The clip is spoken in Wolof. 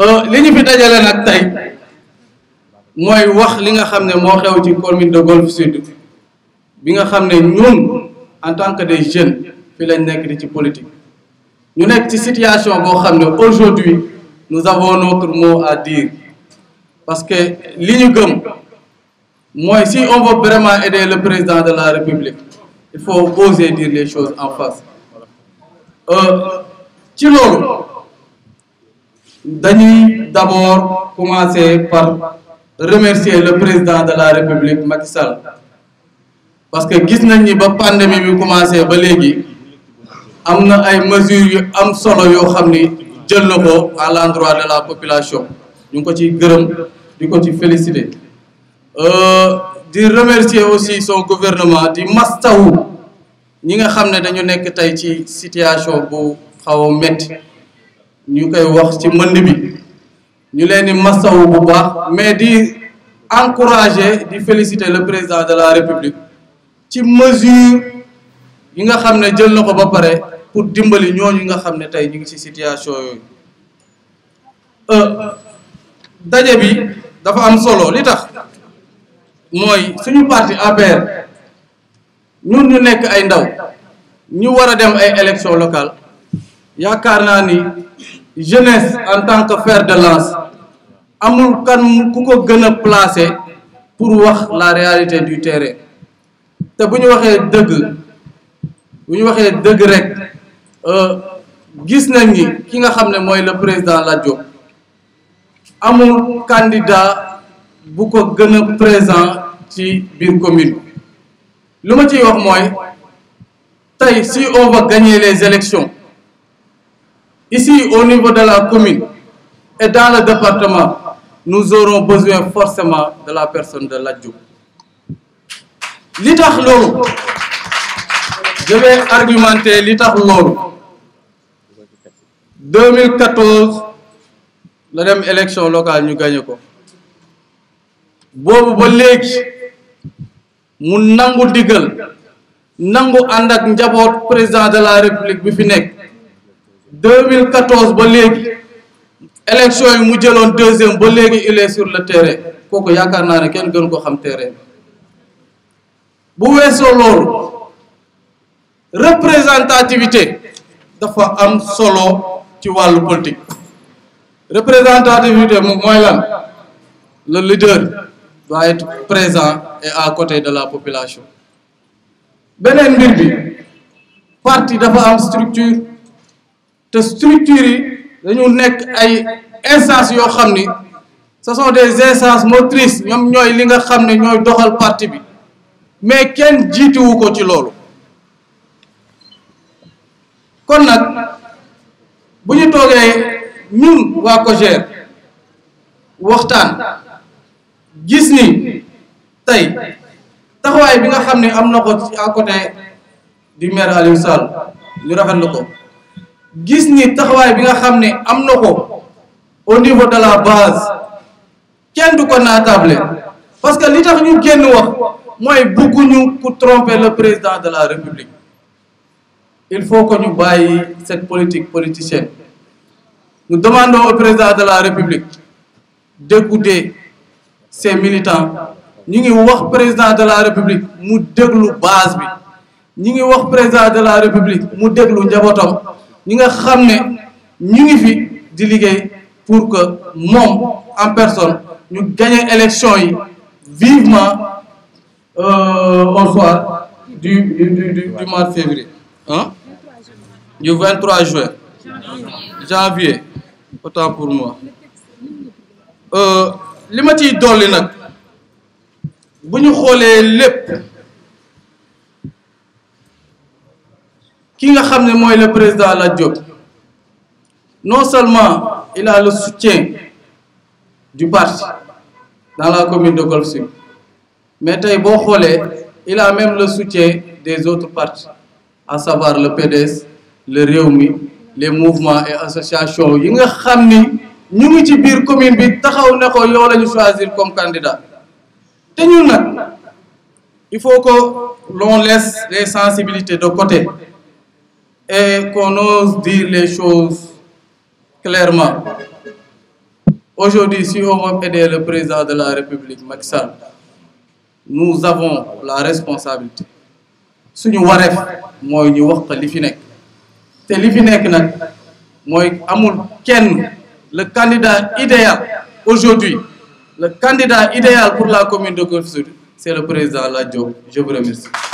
Euh, li ñu fi dajale nag tey mooy wax li nga xam ne moo xew ci commune de Golf Sud bi nga xam ne ñun en tant que des jeunes fi lañ nekk di ci politique ñu nekk ci situation boo xam ne aujourd'hui nous avons notre mot à dire parce que li ñu gëm mooy si on veut vraiment aider le président de la République il faut oser dire les choses en face euh, ci loolu dañuy d'abord commencer par remercier le président de la République Macky Sall parce que gis nañ ni ba pandémie bi commencé ba léegi am na ay mesures yu am solo yoo xam ni jël na ko à l'endroit de la population ñu ngi ko ci gërëm di ko ci féliciter euh, di remercier aussi son gouvernement di mastawu ñi nga xam ne dañu nekk tey ci situation bu xaw a métti ñu koy wax ci mbënd bi ñu leen di masawu bu baax mais di encourager di féliciter le président de la république ci mesure yi nga xam ne jël na ko ba pare pour dimbali ñooñu nga xam ne tey ñu ngi ci situation yooyu euh, daje bi dafa am solo li tax mooy suñu parti APR ñun ñu nekk ay ndaw ñu war a dem ay élections locales yaakaar naa ni jeunesse en tant que fer de lance amul kan ku ko gën a placé pour wax la réalité du terrain te bu ñu waxee dëgg bu ñu waxee dëgg rek euh, gis nañ ni ki nga xam ne mooy le président Lat Diop amul candidat bu ko gën a présent ci biir commune lu ma ciy wax mooy tey si on va gagner les élections Ici, au niveau de la commune et dans le département, nu aurons besoin forcément de la personne de l'adjoint. li tax loolu je argumenter li tax loolu 2014 la dem élection locale ñu gagné ko boobu ba léegi mu nangu diggal nangu ànd ak njaboot président de la république bi fi nekk 2014 ba léegi élection yi mu jëloon deuxième ba léegi il est sur le téere kooku yaakaar naa ne kenn gën ko xam terrain bu weesoo loolu représentativité dafa am solo ci wàllu politique représentativité mooy lan le leader doit être présent et à côté de la population beneen mbir parti dafa am structure te structures yi dañu nekk ay instances yoo xam ni ce sont des instances motrices ñoom ñooy li nga xam ne ñooy doxal parti bi mais kenn jiituwu ko ci loolu kon nag bu ñu toogee ñun waa COJER waxtaan gis ni tey taxawaay bi nga xam ne am na ko à côté du maire Aliou Sall ñu rafetlu ko gis ni taxawaay bi nga xam ne am na ko au niveau de la base kenn du ko naatable parce que li tax ñu génn wax mooy bëgguñu ku tromper la président de la république il faut que ñu bàyyi cette politique politicienne nous demandons au président de la république d'écouter ses militants ñu ngi wax président de la république mu déglu base bi ñu ngi wax président de la république mu déglu njabootam ñi nga xam ne ñu ngi fi di liggéey pour que moom en personne ñu gagné élection yi vivement euh, au soir du du du, du, du mois de février ah juin janvier autant pour moi euh, li ma ciy dolli nag bu ñu xoolee lépp. ki nga xam ne mooy le président la Diop non seulement il a le soutien du parti dans la commune de Golf Sud mais tey boo xoolee il même le soutien des autres partis à savoir le PDS réew mi les mouvements et association yi nga xam ni ñu ngi ci biir commune bi taxaw ne ko yow la ñu choisir comme candidat te ñu nag il faut que l'on laisse les sensibilités de côté et qu'on ose dire les choses clairement. Aujourd'hui, si on veut le président de la République, Macky Sall, nous avons la responsabilité suñu wareef mooy ñu wax ko li fi nekk te li fi nekk nag mooy amul kenn le candidat idéal aujourd'hui le candidat idéal pour la commune de Golf Sud c'est le président la Diop je vous remercie